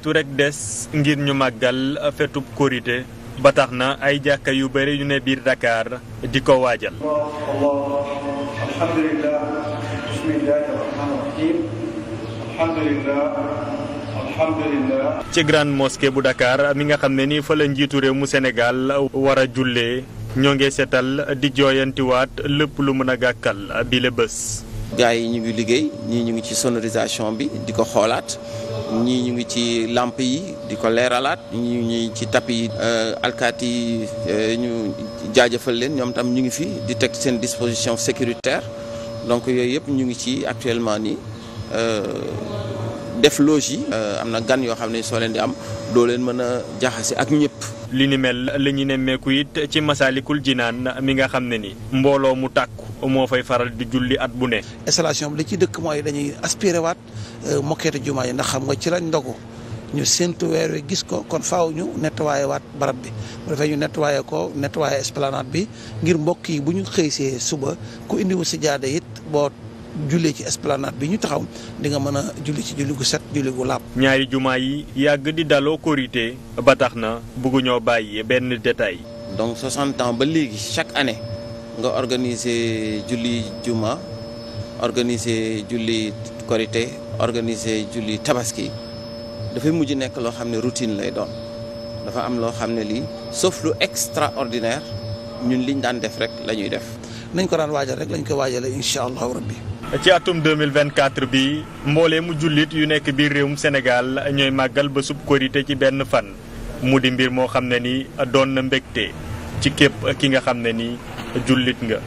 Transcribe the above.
waxtu des ngir ñu màggal fetub korité ba na ay jàkka yu bëri yu ne biir Dakar di ko waajal. alhamdulilah ci grande mosquée bu Dakar mi nga xam ne nii fa la njiitu réew mu Sénégal war a jullee ñoo ngi seetal di jooyantiwaat lépp lu mën a gàkkal bi la bés. gars yi ñu ngi liggéey ñii ñu ngi ci sonorisation bi di ko xoolaat. ñii ñu ngi ci làmp yi di ko leeralaat ñi ñi ci tapi yi euh, alkaati yi euh, ñu jaajëfal leen ñoom tam ñu ngi fi di teg seen disposition sécuritaire donc yooyu yëpp ñu ngi ci actuellement nii euh, def loge yi am na gan yoo xam ne soo leen di am doo leen mën a jaxase ak ñëpp li ni mel lañu ñu nemmeeku it ci Masaalikul Jinaan mi nga xam ne ni mbooloo mu tàkku moo fay faral di julli at bu ne. installation bi li ci dëkk mooy dañuy aspiré waat euh, mokkeetu jumaa yi ndax xam nga ci lañ ndogu ñu séntu weer wi gis ko kon faw ñu nettoyé waat barab bi bu defee ñu nettoyé ko nettoyé esplanade bi ngir mbokk yi bu ñu xëysee suba ku indiwu si jaade it boo. jullee ci esplanade bi ñu taxaw di nga mën a julli ci julli gu set julli gu laab. ñaari jumaa yi yàgg di daloo korité ba tax na bëgguñoo bàyyi benn détail. donc 60 ans ba léegi chaque année. nga organiser julli jumaa organiser julli korité organiser julli tabaski dafay mujj nekk loo xam ne routine lay doon dafa am loo xam ne lii sauf lu extraordinaire ñun liñ daan def rek la ñuy def. nañ ko daan waajal rek lañ koy waajalee incha allahu rabbi. ci atum 2024 bi mu jullit yu nekk biir réewum Sénégal ñooy màggal ba sub korité ci benn fan mu di mbir moo xam ne ni doon na mbégte ci képp ki nga xam ne ni jullit nga